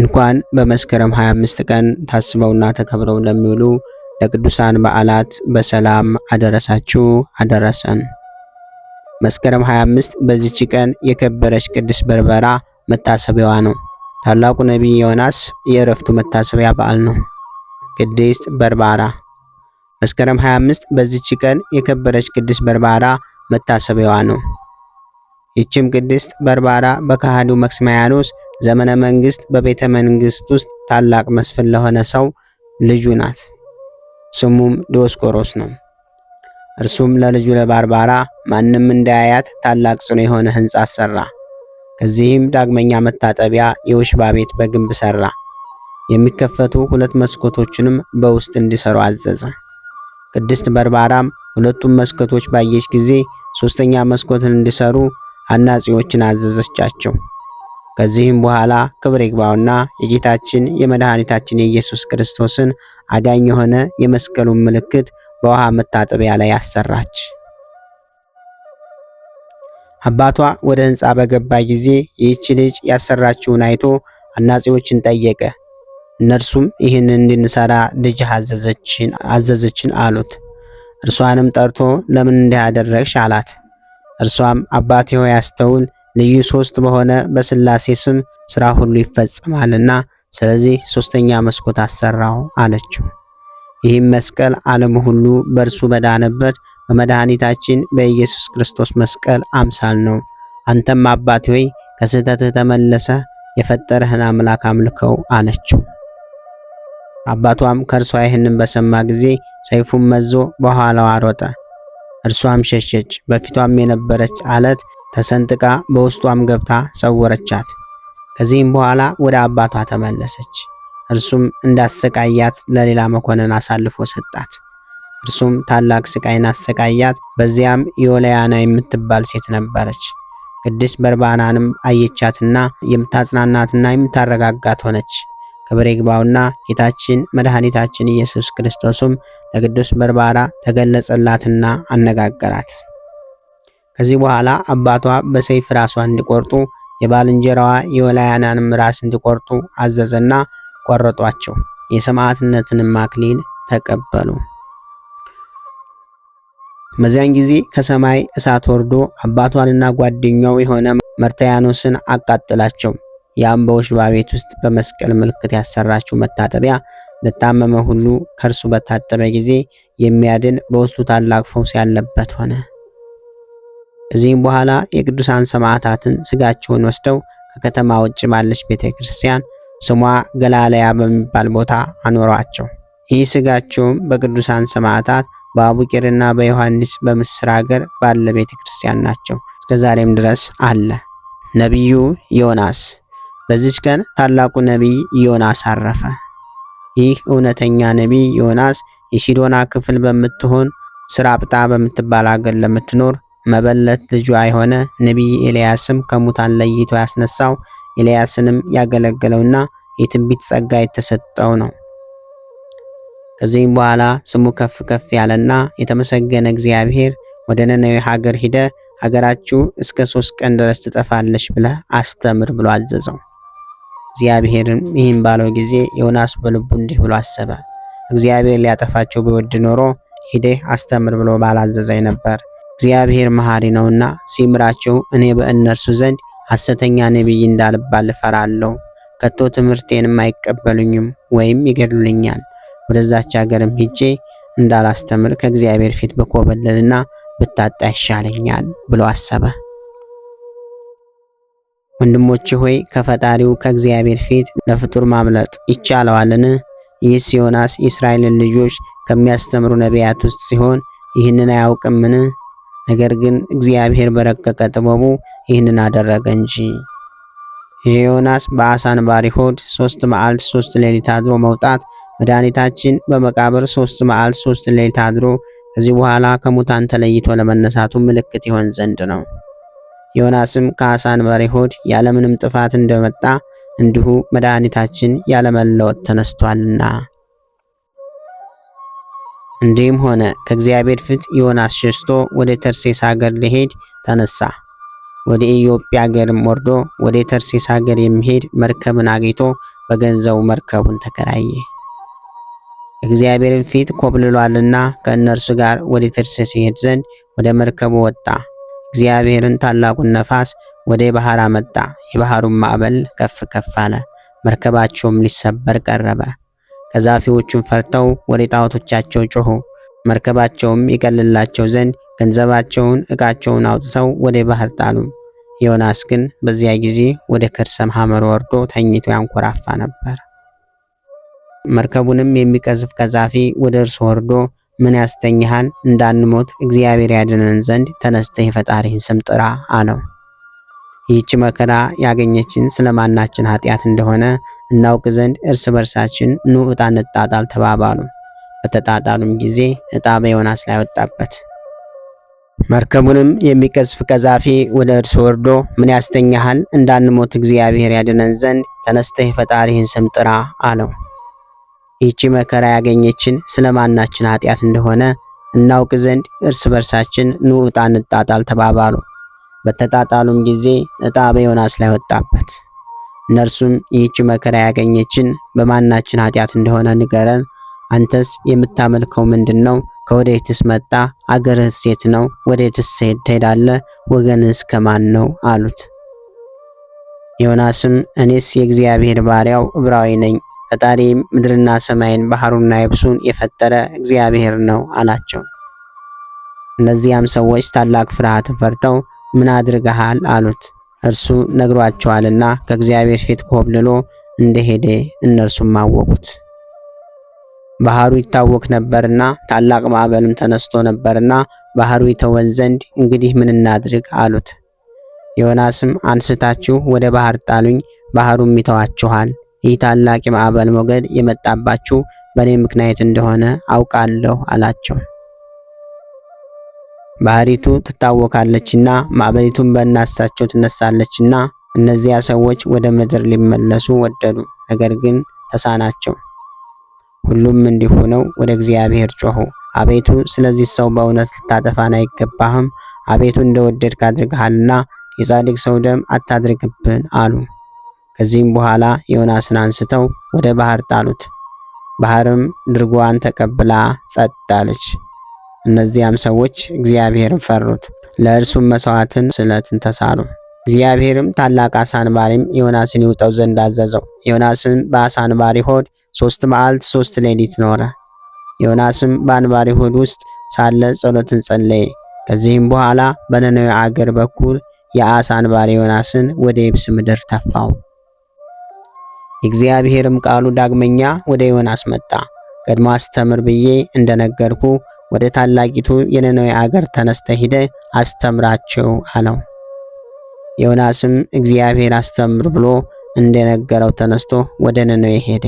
እንኳን በመስከረም 25 ቀን ታስበውና ተከብረው ለሚውሉ ለቅዱሳን በዓላት በሰላም አደረሳችሁ አደረሰን። መስከረም 25 በዚች ቀን የከበረች ቅድስት በርበራ መታሰቢያዋ ነው። ታላቁ ነቢይ ዮናስ የእረፍቱ መታሰቢያ በዓል ነው። ቅድስት በርባራ መስከረም 25 በዚች ቀን የከበረች ቅድስት በርባራ መታሰቢያዋ ነው። ይህችም ቅድስት በርባራ በካህዲው መክስማያኖስ ዘመነ መንግስት በቤተ መንግስት ውስጥ ታላቅ መስፍን ለሆነ ሰው ልጁ ናት። ስሙም ዲዮስቆሮስ ነው። እርሱም ለልጁ ለባርባራ ማንም እንዳያያት ታላቅ ጽኑ የሆነ ህንፃ ሰራ። ከዚህም ዳግመኛ መታጠቢያ የውሽባ ቤት በግንብ ሰራ። የሚከፈቱ ሁለት መስኮቶችንም በውስጥ እንዲሰሩ አዘዘ። ቅድስት በርባራም ሁለቱም መስኮቶች ባየች ጊዜ ሶስተኛ መስኮትን እንዲሰሩ አናጺዎችን አዘዘቻቸው። ከዚህም በኋላ ክብር ይግባውና የጌታችን የመድኃኒታችን የኢየሱስ ክርስቶስን አዳኝ የሆነ የመስቀሉን ምልክት በውሃ መታጠቢያ ላይ አሰራች። አባቷ ወደ ሕንፃ በገባ ጊዜ ይህች ልጅ ያሰራችውን አይቶ አናጺዎችን ጠየቀ። እነርሱም ይህን እንድንሰራ ልጅ አዘዘችን አሉት። እርሷንም ጠርቶ ለምን እንዲህ አደረግሽ አላት። እርሷም አባቴ ሆይ አስተውል ልዩ ሶስት በሆነ በስላሴ ስም ስራ ሁሉ ይፈጸማልና ስለዚህ ሶስተኛ መስኮት አሰራው አለችው። ይህም መስቀል ዓለም ሁሉ በእርሱ በዳነበት በመድኃኒታችን በኢየሱስ ክርስቶስ መስቀል አምሳል ነው። አንተም አባት ሆይ ከስህተትህ ተመለሰ የፈጠረህን አምላክ አምልከው አለችው። አባቷም ከእርሷ ይህንን በሰማ ጊዜ ሰይፉን መዞ በኋላዋ ሮጠ። እርሷም ሸሸች። በፊቷም የነበረች አለት ተሰንጥቃ በውስጧም ገብታ ሰወረቻት። ከዚህም በኋላ ወደ አባቷ ተመለሰች። እርሱም እንዳሰቃያት ለሌላ መኮንን አሳልፎ ሰጣት። እርሱም ታላቅ ስቃይን አሰቃያት። በዚያም የወለያና የምትባል ሴት ነበረች። ቅድስት በርባናንም አየቻትና የምታጽናናትና የምታረጋጋት ሆነች። ክብር ይግባውና ጌታችን መድኃኒታችን ኢየሱስ ክርስቶስም ለቅዱስ በርባራ ተገለጸላትና አነጋገራት። ከዚህ በኋላ አባቷ በሰይፍ ራሷ እንዲቆርጡ የባልንጀራዋ የወላያናንም ራስ እንዲቆርጡ አዘዘና ቆረጧቸው። የሰማዕትነትንም አክሊል ተቀበሉ። በዚያን ጊዜ ከሰማይ እሳት ወርዶ አባቷንና ጓደኛው የሆነ መርታያኖስን አቃጥላቸው። ያም በወሽባ ቤት ውስጥ በመስቀል ምልክት ያሰራችው መታጠቢያ ለታመመ ሁሉ ከእርሱ በታጠበ ጊዜ የሚያድን በውስጡ ታላቅ ፈውስ ያለበት ሆነ። ከዚህም በኋላ የቅዱሳን ሰማዕታትን ስጋቸውን ወስደው ከከተማ ውጭ ባለች ቤተ ክርስቲያን ስሟ ገላለያ በሚባል ቦታ አኖሯቸው። ይህ ስጋቸውም በቅዱሳን ሰማዕታት በአቡቂርና በዮሐንስ በምስር ሀገር ባለ ቤተ ክርስቲያን ናቸው። እስከዛሬም ድረስ አለ። ነቢዩ ዮናስ በዚች ቀን ታላቁ ነቢይ ዮናስ አረፈ። ይህ እውነተኛ ነቢይ ዮናስ የሲዶና ክፍል በምትሆን ስራ ስራጵጣ በምትባል አገር ለምትኖር መበለት ልጇ የሆነ ነቢይ ኤልያስም ከሙታን ለይቶ ያስነሳው ኤልያስንም ያገለገለውና የትንቢት ጸጋ የተሰጠው ነው። ከዚህም በኋላ ስሙ ከፍ ከፍ ያለና የተመሰገነ እግዚአብሔር ወደ ነነዌ ሀገር ሂደ ሀገራችሁ እስከ ሶስት ቀን ድረስ ትጠፋለች ብለህ አስተምር ብሎ አዘዘው። እግዚአብሔርም ይህን ባለው ጊዜ ዮናስ በልቡ እንዲህ ብሎ አሰበ፣ እግዚአብሔር ሊያጠፋቸው ቢወድ ኖሮ ሂደህ አስተምር ብሎ ባላዘዘኝ ነበር። እግዚአብሔር መሐሪ ነውና ሲምራቸው እኔ በእነርሱ ዘንድ ሐሰተኛ ነቢይ እንዳልባል እፈራለሁ። ከቶ ትምህርቴንም አይቀበሉኝም ወይም ይገድሉኛል። ወደዛች አገርም ሂጄ እንዳላስተምር ከእግዚአብሔር ፊት በኮበለልና ብታጣ ይሻለኛል ብሎ አሰበ። ወንድሞች ሆይ ከፈጣሪው ከእግዚአብሔር ፊት ለፍጡር ማምለጥ ይቻለዋልን? ይህ ዮናስ የእስራኤልን ልጆች ከሚያስተምሩ ነቢያት ውስጥ ሲሆን ይህንን አያውቅምን? ነገር ግን እግዚአብሔር በረቀቀ ጥበቡ ይህንን አደረገ እንጂ። የዮናስ በአሳ አንባሪ ሆድ ሶስት መዓልት ሶስት ሌሊት አድሮ መውጣት መድኃኒታችን በመቃብር ሶስት መዓልት ሶስት ሌሊት አድሮ ከዚህ በኋላ ከሙታን ተለይቶ ለመነሳቱ ምልክት ይሆን ዘንድ ነው። ዮናስም ከአሳ አንባሪ ሆድ ያለምንም ጥፋት እንደመጣ እንዲሁ መድኃኒታችን ያለመለወጥ ተነስቷልና እንዲህም ሆነ፣ ከእግዚአብሔር ፊት ዮናስ ሸሽቶ ወደ ተርሴስ አገር ሊሄድ ተነሳ። ወደ ኢዮጵያ ሀገርም ወርዶ ወደ ተርሴስ አገር የሚሄድ መርከብን አግኝቶ በገንዘቡ መርከቡን ተከራየ። እግዚአብሔርን ፊት ኮብልሏልና ከእነርሱ ጋር ወደ ተርሴስ ይሄድ ዘንድ ወደ መርከቡ ወጣ። እግዚአብሔርን ታላቁን ነፋስ ወደ ባህር አመጣ። የባህሩን ማዕበል ከፍ ከፍ አለ። መርከባቸውም ሊሰበር ቀረበ። ከዛፊዎቹም ፈርተው ወደ ጣዖቶቻቸው ጮኹ። መርከባቸውም ይቀልላቸው ዘንድ ገንዘባቸውን፣ ዕቃቸውን አውጥተው ወደ ባህር ጣሉ። ዮናስ ግን በዚያ ጊዜ ወደ ከርሰ ሐመር ወርዶ ተኝቶ ያንኮራፋ ነበር። መርከቡንም የሚቀዝፍ ቀዛፊ ወደ እርሱ ወርዶ ምን ያስተኝሃል? እንዳንሞት እግዚአብሔር ያድነን ዘንድ ተነስተህ የፈጣሪህን ስም ጥራ አለው። ይህች መከራ ያገኘችን ስለማናችን ኃጢአት እንደሆነ እናውቅ ዘንድ እርስ በርሳችን ኑ ዕጣ እንጣጣል ተባባሉ። በተጣጣሉም ጊዜ ዕጣ በዮናስ ላይ ወጣበት። መርከቡንም የሚቀዝፍ ቀዛፊ ወደ እርሱ ወርዶ ምን ያስተኛሃል? እንዳንሞት እግዚአብሔር ያድነን ዘንድ ተነስተህ የፈጣሪህን ስም ጥራ አለው። ይቺ መከራ ያገኘችን ስለማናችን ኃጢአት እንደሆነ እናውቅ ዘንድ እርስ በርሳችን ኑ ዕጣ እንጣጣል ተባባሉ። በተጣጣሉም ጊዜ ዕጣ በዮናስ ላይ ወጣበት። እነርሱም ይህች መከራ ያገኘችን በማናችን ኃጢአት እንደሆነ ንገረን፣ አንተስ የምታመልከው ምንድን ነው? ከወዴትስ መጣ? አገርህ ሴት ነው? ወዴትስ ትሄዳለህ? ወገንስ ከማን ነው አሉት። ዮናስም እኔስ የእግዚአብሔር ባሪያው ዕብራዊ ነኝ፣ ፈጣሪም ምድርና ሰማይን ባህሩና የብሱን የፈጠረ እግዚአብሔር ነው አላቸው። እነዚያም ሰዎች ታላቅ ፍርሃት ፈርተው ምን አድርገሃል አሉት። እርሱ ነግሯቸዋልና ከእግዚአብሔር ፊት ኮብልሎ እንደሄደ እነርሱም አወቁት። ባህሩ ይታወክ ነበርና ታላቅ ማዕበልም ተነስቶ ነበርና ባህሩ ይተወን ዘንድ እንግዲህ ምን እናድርግ አሉት። ዮናስም አንስታችሁ ወደ ባህር ጣሉኝ፣ ባህሩም ይተዋችኋል። ይህ ታላቅ የማዕበል ሞገድ የመጣባችሁ በእኔ ምክንያት እንደሆነ አውቃለሁ አላቸው። ባህሪቱ ትታወካለችና ማዕበሊቱም በእናሳቸው ትነሳለችና እነዚያ ሰዎች ወደ ምድር ሊመለሱ ወደዱ፣ ነገር ግን ተሳናቸው። ሁሉም እንዲህ ወደ እግዚአብሔር ጮኹ። አቤቱ ስለዚህ ሰው በእውነት ልታጠፋን አይገባህም፣ አቤቱ እንደወደድክ አድርገሃልና የጻድቅ ሰው ደም አታድርግብን አሉ። ከዚህም በኋላ ዮናስን አንስተው ወደ ባህር ጣሉት። ባህርም ድርጓን ተቀብላ ጸጥ አለች። እነዚያም ሰዎች እግዚአብሔርን ፈሩት፣ ለእርሱም መሥዋዕትን ስለትን ተሳሉ። እግዚአብሔርም ታላቅ አሳ አንባሪም ዮናስን ይውጠው ዘንድ አዘዘው። ዮናስም በአሳ አንባሪ ሆድ ሦስት መዓልት ሦስት ሌሊት ኖረ። ዮናስም በአንባሪ ሆድ ውስጥ ሳለ ጸሎትን ጸለየ። ከዚህም በኋላ በነነዌ አገር በኩል የአሳ አንባሪ ዮናስን ወደ የብስ ምድር ተፋው። የእግዚአብሔርም ቃሉ ዳግመኛ ወደ ዮናስ መጣ። ቀድሞ አስተምር ብዬ እንደነገርኩ ወደ ታላቂቱ የነነዌ አገር ተነስተ ሂደ አስተምራቸው አለው። ዮናስም እግዚአብሔር አስተምር ብሎ እንደነገረው ተነስቶ ወደ ነነዌ ሄደ።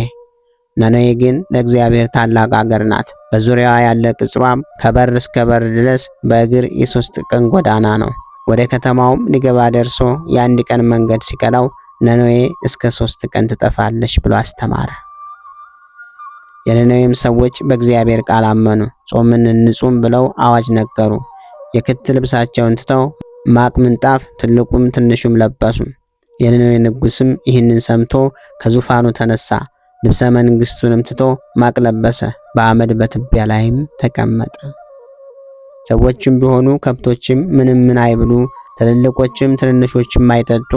ነነዌ ግን ለእግዚአብሔር ታላቅ አገር ናት። በዙሪያዋ ያለ ቅጽሯም ከበር እስከ በር ድረስ በእግር የሶስት ቀን ጎዳና ነው። ወደ ከተማውም ሊገባ ደርሶ የአንድ ቀን መንገድ ሲቀረው ነነዌ እስከ ሶስት ቀን ትጠፋለች ብሎ አስተማረ። የነነዌም ሰዎች በእግዚአብሔር ቃል አመኑ። ጾምን ንጹም ብለው አዋጅ ነገሩ። የክት ልብሳቸውን ትተው ማቅ ምንጣፍ ትልቁም ትንሹም ለበሱ። የነነዌ ንጉስም ይህንን ሰምቶ ከዙፋኑ ተነሳ፣ ልብሰ መንግስቱንም ትቶ ማቅ ለበሰ፣ በአመድ በትቢያ ላይም ተቀመጠ። ሰዎችም ቢሆኑ ከብቶችም ምንም ምን አይብሉ፣ ትልልቆችም ትንንሾችም አይጠጡ፣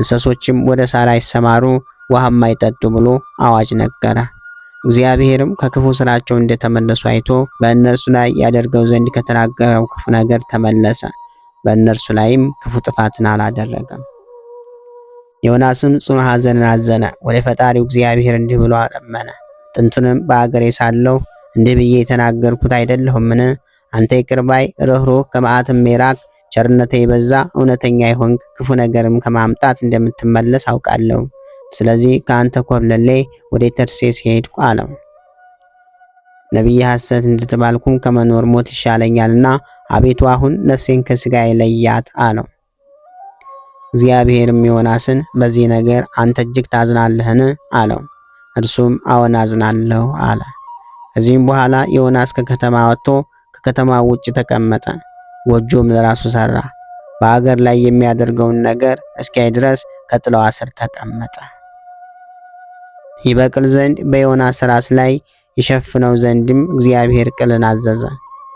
እንስሶችም ወደ ሳር አይሰማሩ፣ ውሃም አይጠጡ ብሎ አዋጅ ነገረ። እግዚአብሔርም ከክፉ ስራቸው እንደተመለሱ አይቶ በእነርሱ ላይ ያደርገው ዘንድ ከተናገረው ክፉ ነገር ተመለሰ፣ በእነርሱ ላይም ክፉ ጥፋትን አላደረገም። ዮናስም ጽኑ ሐዘንን አዘነ፣ ወደ ፈጣሪው እግዚአብሔር እንዲህ ብሎ አለመነ። ጥንቱንም በአገሬ ሳለሁ እንዲህ ብዬ የተናገርኩት አይደለሁምን? አንተ ይቅር ባይ ርኅሩህ፣ ከመዓትም ሜራክ፣ ቸርነትህ የበዛ እውነተኛ የሆንክ ክፉ ነገርም ከማምጣት እንደምትመለስ አውቃለሁ። ስለዚህ ከአንተ ኮብለሌ ወደ ተርሴስ ሄድኩ አለው። ነቢይ ሐሰት እንደተባልኩም ከመኖር ሞት ይሻለኛልና አቤቱ አሁን ነፍሴን ከሥጋዬ ለያት አለው። እግዚአብሔርም ዮናስን በዚህ ነገር አንተ እጅግ ታዝናለህን? አለው። እርሱም አዎን አዝናለሁ አለ። ከዚህም በኋላ ዮናስ ከከተማ ወጥቶ ከከተማ ውጭ ተቀመጠ። ጎጆም ለራሱ ሰራ። በአገር ላይ የሚያደርገውን ነገር እስኪያይ ድረስ ከጥላዋ ስር ተቀመጠ። ይበቅል ዘንድ በዮናስ ራስ ላይ ይሸፍነው ዘንድም እግዚአብሔር ቅልን አዘዘ።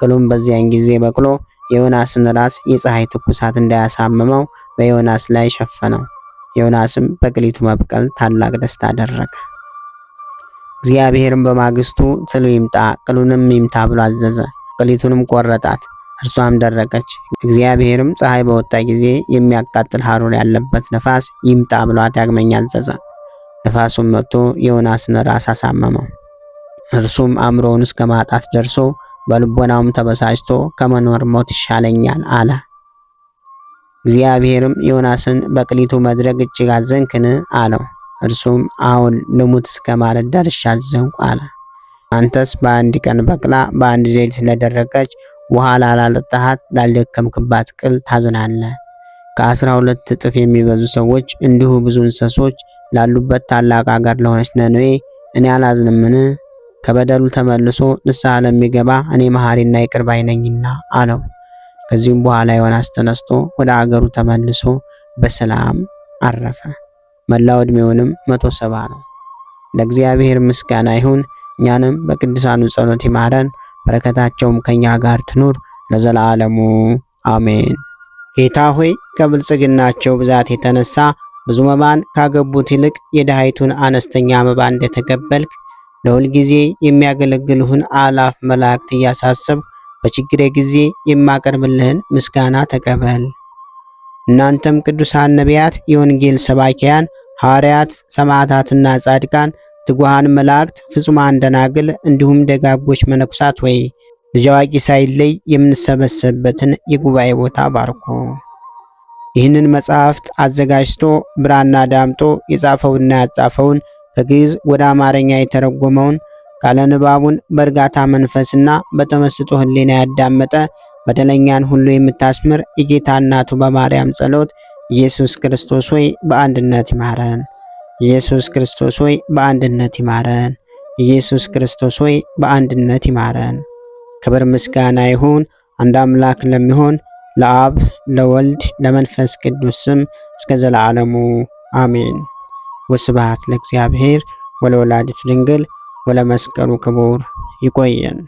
ቅሉም በዚያን ጊዜ በቅሎ የዮናስን ራስ የፀሐይ ትኩሳት እንዳያሳምመው በዮናስ ላይ ሸፈነው። ዮናስም በቅሊቱ መብቀል ታላቅ ደስታ አደረገ። እግዚአብሔርም በማግስቱ ትሉ ይምጣ ቅሉንም ይምታ ብሎ አዘዘ። ቅሊቱንም ቆረጣት፣ እርሷም ደረቀች። እግዚአብሔርም ፀሐይ በወጣ ጊዜ የሚያቃጥል ሐሩር ያለበት ነፋስ ይምጣ ብሏት ዳግመኛ አዘዘ። ነፋሱም መጥቶ የዮናስን ራስ አሳመመው። እርሱም አእምሮውን እስከ ማጣት ደርሶ በልቦናውም ተበሳጭቶ ከመኖር ሞት ይሻለኛል አለ። እግዚአብሔርም ዮናስን በቅሊቱ መድረግ እጅግ አዘንክን? አለው። እርሱም አሁን ልሙት እስከ ማለት ደርሻ አዘንኩ አለ። አንተስ በአንድ ቀን በቅላ በአንድ ሌሊት ለደረቀች ውሃ ላላጠጣሃት ላልደከምክባት ቅል ታዝናለ። ከአስራ ሁለት እጥፍ የሚበዙ ሰዎች እንዲሁ ብዙ እንስሶች ላሉበት ታላቅ አገር ለሆነች ነነዌ እኔ አላዝንምን? ከበደሉ ተመልሶ ንስሐ ለሚገባ እኔ መሐሪና ይቅር ባይ ነኝና አለው። ከዚህም በኋላ ዮናስ ተነስቶ ወደ አገሩ ተመልሶ በሰላም አረፈ። መላው ዕድሜውንም መቶ ሰባ ነው። ለእግዚአብሔር ምስጋና ይሁን። እኛንም በቅዱሳኑ ጸሎት ይማረን። በረከታቸውም ከኛ ጋር ትኑር ለዘላለሙ አሜን። ጌታ ሆይ ከብልጽግናቸው ብዛት የተነሳ ብዙ መባን ካገቡት ይልቅ የድሃይቱን አነስተኛ መባ እንደተቀበልክ ለሁል ጊዜ የሚያገለግልህን አላፍ መላእክት እያሳሰብ በችግሬ ጊዜ የማቀርብልህን ምስጋና ተቀበል። እናንተም ቅዱሳን ነቢያት፣ የወንጌል ሰባኪያን ሐዋርያት፣ ሰማዕታትና ጻድቃን ትጉሃን መላእክት፣ ፍጹማን ደናግል እንዲሁም ደጋጎች መነኩሳት ወይ ልጅ አዋቂ ሳይለይ የምንሰበሰብበትን የጉባኤ ቦታ ባርኮ ይህንን መጽሐፍት አዘጋጅቶ ብራና ዳምጦ የጻፈውና ያጻፈውን ከግዕዝ ወደ አማርኛ የተረጎመውን ቃለ ንባቡን በእርጋታ መንፈስና በተመስጦ ሕሊና ያዳመጠ በደለኛን ሁሉ የምታስምር የጌታ እናቱ በማርያም ጸሎት ኢየሱስ ክርስቶስ ሆይ በአንድነት ይማረን። ኢየሱስ ክርስቶስ ሆይ በአንድነት ይማረን። ኢየሱስ ክርስቶስ ሆይ በአንድነት ይማረን። ክብር ምስጋና ይሁን አንድ አምላክ ለሚሆን ለአብ ለወልድ ለመንፈስ ቅዱስ ስም እስከ ዘላለሙ አሜን። ወስብሐት ለእግዚአብሔር ወለወላዲቱ ድንግል ወለመስቀሉ ክቡር። ይቆየን።